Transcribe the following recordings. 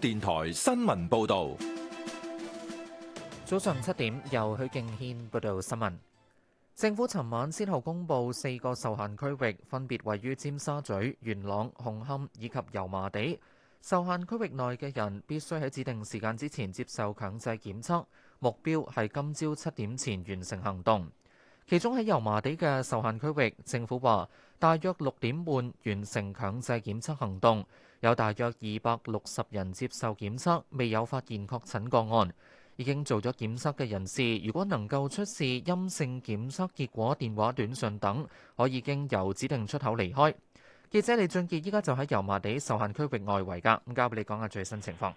電台新聞報道，早上七點由許敬軒報道新聞。政府尋晚先後公布四個受限區域，分別位於尖沙咀、元朗、紅磡以及油麻地。受限區域內嘅人必須喺指定時間之前接受強制檢測，目標係今朝七點前完成行動。其中喺油麻地嘅受限區域，政府話大約六點半完成強制檢測行動。有大約二百六十人接受檢測，未有發現確診個案。已經做咗檢測嘅人士，如果能夠出示陰性檢測結果、電話短信等，可以經由指定出口離開。記者李俊傑依家就喺油麻地受限區域外圍㗎，咁交俾你講下最新情況。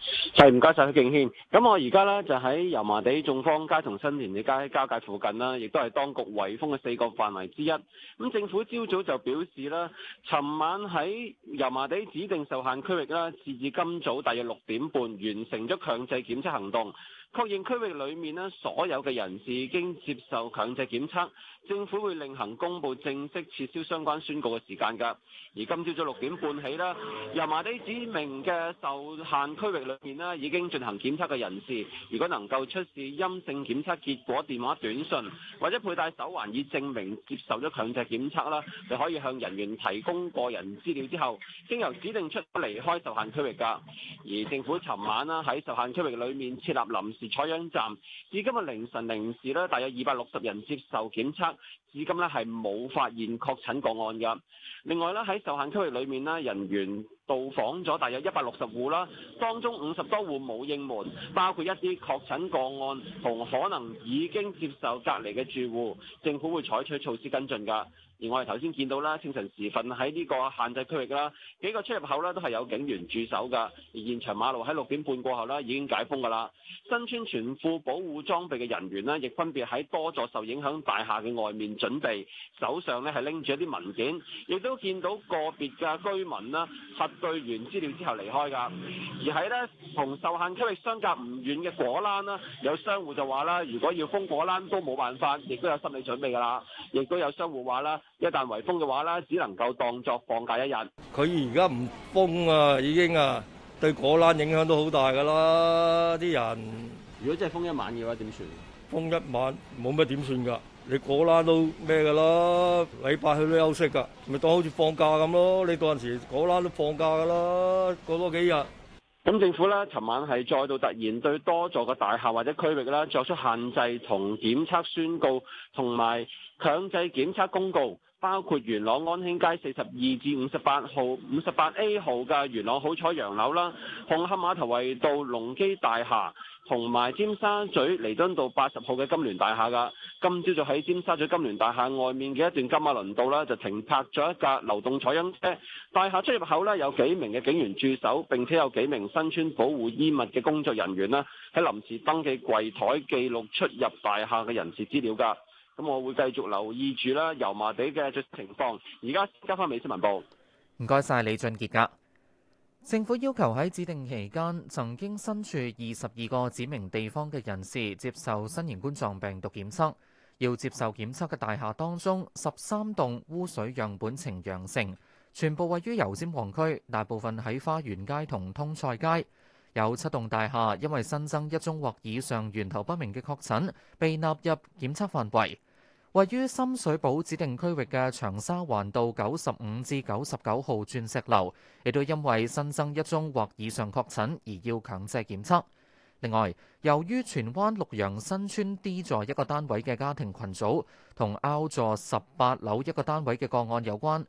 謝謝，就係唔該晒許敬軒，咁我而家呢就喺油麻地眾坊街同新填地街交界附近啦，亦都係當局圍封嘅四個範圍之一。咁政府朝早就表示啦，尋晚喺油麻地指定受限區域啦，截至今早大約六點半完成咗強制檢測行動。確認區域裏面咧，所有嘅人士已經接受強制檢測，政府會另行公布正式撤銷相關宣告嘅時間噶。而今朝早六點半起咧，油麻地指明嘅受限區域裏面咧，已經進行檢測嘅人士，如果能夠出示陰性檢測結果、電話短信或者佩戴手環以證明接受咗強制檢測啦，就可以向人員提供個人資料之後，經由指定出離開受限區域噶。而政府尋晚啦喺受限區域裏面設立臨採樣站至今日凌晨零時咧，大約二百六十人接受檢測。至今呢，係冇發現確診個案㗎。另外呢，喺受限區域裏面呢，人員到訪咗大約一百六十戶啦，當中五十多戶冇應門，包括一啲確診個案同可能已經接受隔離嘅住戶，政府會採取措施跟進㗎。而我哋頭先見到啦，清晨時分喺呢個限制區域啦，幾個出入口呢都係有警員駐守㗎。而現場馬路喺六點半過後咧已經解封㗎啦。身穿全副保護裝備嘅人員呢，亦分別喺多座受影響大廈嘅外面。準備手上咧係拎住一啲文件，亦都見到個別嘅居民啦，核對完資料之後離開㗎。而喺咧同受限區域相隔唔遠嘅果欄啦，有商戶就話啦：如果要封果欄都冇辦法，亦都有心理準備㗎啦。亦都有商戶話啦：一旦圍封嘅話啦，只能夠當作放假一日。佢而家唔封啊，已經啊，對果欄影響都好大㗎啦！啲人如果真係封一晚嘅話，點算？封一晚冇乜點算㗎？你嗰欄都咩噶啦，禮拜去都休息噶，咪當好似放假咁咯。你嗰陣時嗰欄都放假噶啦，過多幾日。咁政府咧，尋晚係再度突然對多座嘅大廈或者區域咧作出限制同檢測宣告、同埋強制檢測公告。包括元朗安興街四十二至五十八號、五十八 A 號嘅元朗好彩洋樓啦，紅磡馬頭圍道龍基大廈，同埋尖沙咀彌敦道八十號嘅金聯大廈噶。今朝早喺尖沙咀金聯大廈外面嘅一段金馬倫道啦，就停泊咗一架流動採音車。大廈出入口呢，有幾名嘅警員駐守，並且有幾名身穿保護衣物嘅工作人員啦，喺臨時登記櫃枱記錄出入大廈嘅人士資料噶。咁我會繼續留意住啦，油麻地嘅情況。而家交翻俾新聞部，唔該晒，李俊傑。噶政府要求喺指定期間曾經身處二十二個指明地方嘅人士接受新型冠狀病毒檢測。要接受檢測嘅大廈當中，十三棟污水樣本呈陽性，全部位於油尖旺區，大部分喺花園街同通菜街。有七棟大廈因為新增一宗或以上源頭不明嘅確診，被納入檢測範圍。位於深水埗指定區域嘅長沙灣道九十五至九十九號鑽石樓，亦都因為新增一宗或以上確診而要強制檢測。另外，由於荃灣綠楊新村 D 座一個單位嘅家庭群組同 A 座十八樓一個單位嘅個案有關，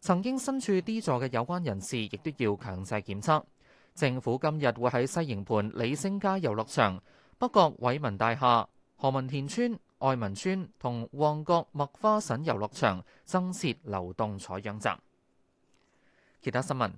曾經身處 D 座嘅有關人士亦都要強制檢測。政府今日會喺西營盤李陞街遊樂場、北角偉文大廈、何文田村、愛民村同旺角麥花臣遊樂場增設流動採樣站。其他新聞：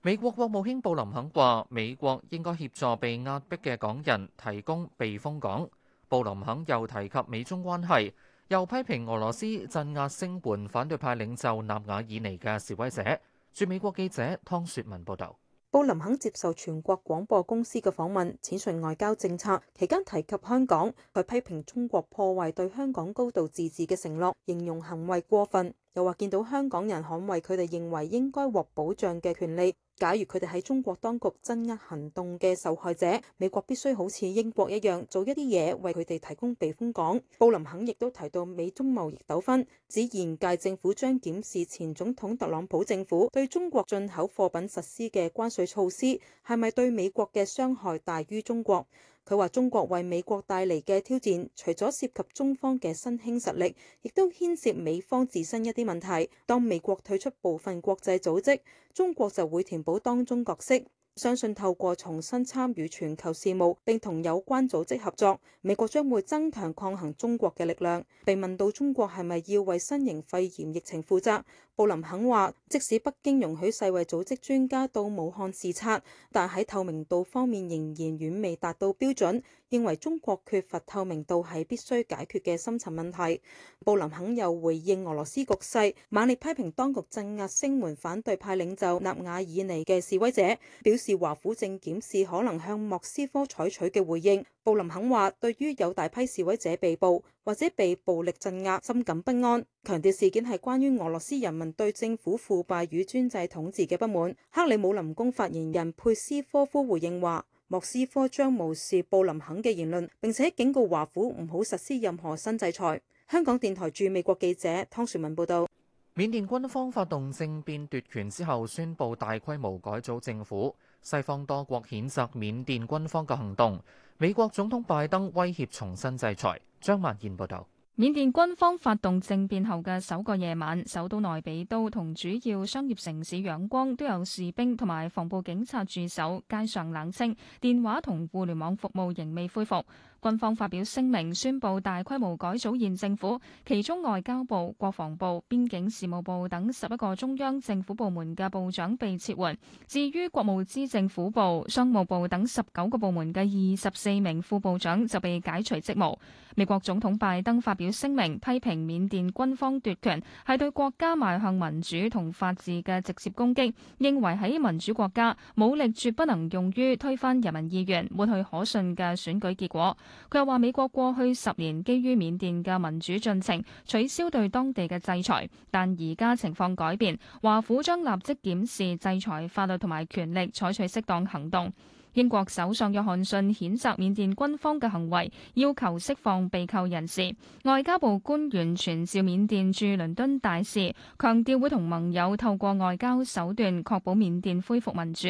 美國國務卿布林肯話，美國應該協助被壓迫嘅港人提供避風港。布林肯又提及美中關係，又批評俄羅斯鎮壓聲援反對派領袖納瓦爾尼嘅示威者。駐美國記者湯雪文報道。布林肯接受全國廣播公司嘅訪問，闡述外交政策期間提及香港，佢批評中國破壞對香港高度自治嘅承諾，形容行為過分。又話見到香港人捍衞佢哋認為應該獲保障嘅權利，假如佢哋喺中國當局鎮壓行動嘅受害者，美國必須好似英國一樣做一啲嘢，為佢哋提供避風港。布林肯亦都提到美中貿易糾紛，指現屆政府將檢視前總統特朗普政府對中國進口貨品實施嘅關稅措施係咪對美國嘅傷害大於中國。佢話中國為美國帶嚟嘅挑戰，除咗涉及中方嘅新興實力，亦都牽涉美方自身一啲問題。當美國退出部分國際組織，中國就會填補當中角色。相信透過重新參與全球事務，並同有關組織合作，美國將會增強抗衡中國嘅力量。被問到中國係咪要為新型肺炎疫情負責，布林肯話，即使北京容許世衛組織專家到武漢視察，但喺透明度方面仍然遠未達到標準。認為中國缺乏透明度係必須解決嘅深層問題。布林肯又回應俄羅斯局勢，猛烈批評當局鎮壓聲援反對派領袖納瓦爾尼嘅示威者，表示華府正檢視可能向莫斯科採取嘅回應。布林肯話：對於有大批示威者被捕或者被暴力鎮壓，深感不安，強調事件係關於俄羅斯人民對政府腐敗與專制統治嘅不滿。克里姆林宮發言人佩斯科夫回應話。莫斯科將無視布林肯嘅言論，並且警告華府唔好實施任何新制裁。香港電台駐美國記者湯樹文報道。緬甸軍方發動政變奪權之後，宣布大規模改組政府，西方多國譴責緬甸軍方嘅行動。美國總統拜登威脅重新制裁。張萬賢報導。緬甸軍方發動政變後嘅首個夜晚，首都內比都同主要商業城市仰光都有士兵同埋防暴警察駐守，街上冷清，電話同互聯網服務仍未恢復。軍方發表聲明，宣布大規模改組現政府，其中外交部、國防部、邊境事務部等十一個中央政府部門嘅部長被撤換。至於國務資政府部、商務部等十九個部門嘅二十四名副部長就被解除職務。美國總統拜登發表聲明，批評緬甸軍方奪權係對國家邁向民主同法治嘅直接攻擊，認為喺民主國家，武力絕不能用於推翻人民意願、抹去可信嘅選舉結果。佢又話：美國過去十年基於緬甸嘅民主進程，取消對當地嘅制裁，但而家情況改變，華府將立即檢視制裁法律同埋權力，採取適當行動。英國首相約翰遜譴責緬甸軍方嘅行為，要求釋放被扣人士。外交部官員傳召緬甸駐倫敦大使，強調會同盟友透過外交手段確保緬甸恢復民主。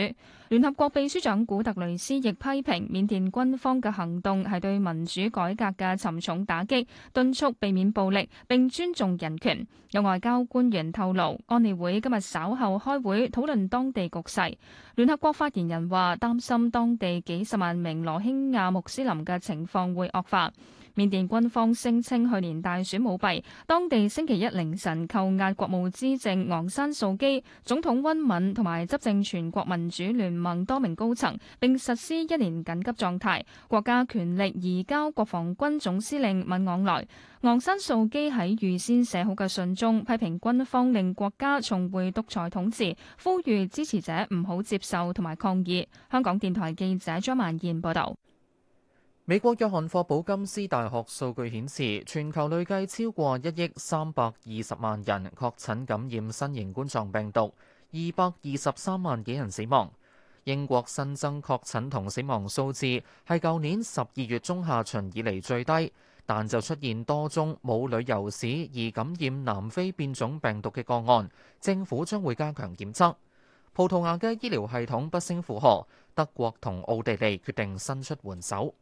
聯合國秘書長古特雷斯亦批評緬甸軍方嘅行動係對民主改革嘅沉重打擊，敦促避免暴力，並尊重人權。有外交官員透露，安理會今日稍後開會討論當地局勢。聯合國發言人話：擔心當地幾十萬名羅興亞穆斯林嘅情況會惡化。緬甸軍方聲稱去年大選舞弊，當地星期一凌晨扣押國務資政昂山素基、總統溫敏同埋執政全國民主聯盟多名高層，並實施一年緊急狀態，國家權力移交國防軍總司令敏昂萊。昂山素基喺預先寫好嘅信中批評軍方令國家重回獨裁統治，呼籲支持者唔好接受同埋抗議。香港電台記者張曼燕報道。美國約翰霍普金斯大學數據顯示，全球累計超過一億三百二十萬人確診感染新型冠狀病毒，二百二十三萬幾人死亡。英國新增確診同死亡數字係舊年十二月中下旬以嚟最低，但就出現多宗冇旅遊史而感染南非變種病毒嘅個案，政府將會加強檢測。葡萄牙嘅醫療系統不勝負荷，德國同奧地利決定伸出援手。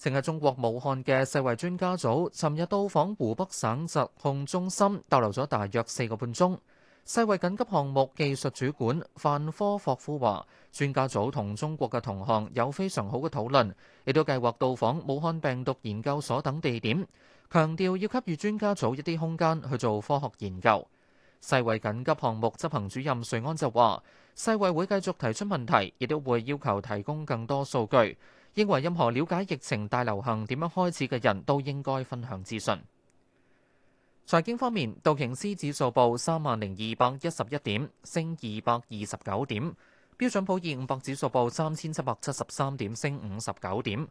正係中國武漢嘅世衛專家組，尋日到訪湖北省疾控中心，逗留咗大約四個半鐘。世衛緊急項目技術主管范科霍夫話：專家組同中國嘅同行有非常好嘅討論，亦都計劃到訪武漢病毒研究所等地點，強調要給予專家組一啲空間去做科學研究。世衛緊急項目執行主任瑞安就話：世衛會繼續提出問題，亦都會要求提供更多數據。認為任何了解疫情大流行點樣開始嘅人都應該分享資訊。財經方面，道瓊斯指數報三萬零二百一十一點，升二百二十九點；標準普爾五百指數報三千七百七十三點，升五十九點。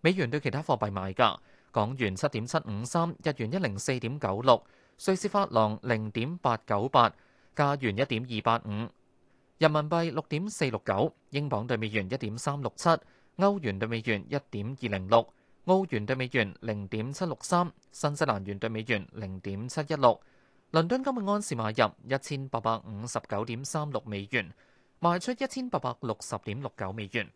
美元對其他貨幣賣價：港元七點七五三，日元一零四點九六，瑞士法郎零點八九八，加元一點二八五，人民幣六點四六九，英鎊對美元一點三六七。歐元對美元一點二零六，澳元對美元零點七六三，新西蘭元對美元零點七一六。倫敦金每安士買入一千八百五十九點三六美元，賣出一千八百六十點六九美元。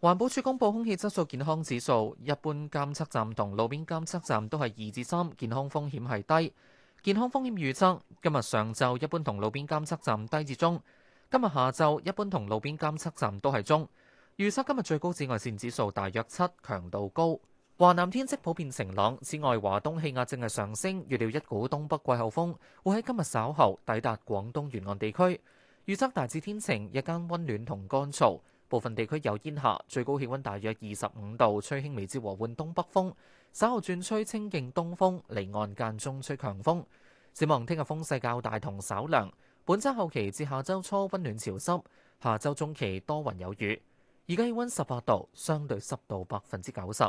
環保署公布空氣質素健康指數，一般監測站同路邊監測站都係二至三，健康風險係低。健康風險預測，今日上晝一般同路邊監測站低至中，今日下晝一般同路邊監測站都係中。預測今日最高紫外線指數大約七，強度高。華南天色普遍晴朗，此外，華東氣壓正係上升，預料一股東北季候風會喺今日稍後抵達廣東沿岸地區。預測大致天晴，日間温暖同乾燥，部分地區有煙霞。最高氣温大約二十五度，吹輕微至和緩東北風，稍後轉吹清勁東風，離岸間中吹強風。展望聽日風勢較大同稍涼，本週後期至下周初温暖潮濕，下周中期多雲有雨。而家氣溫十八度，相對濕度百分之九十。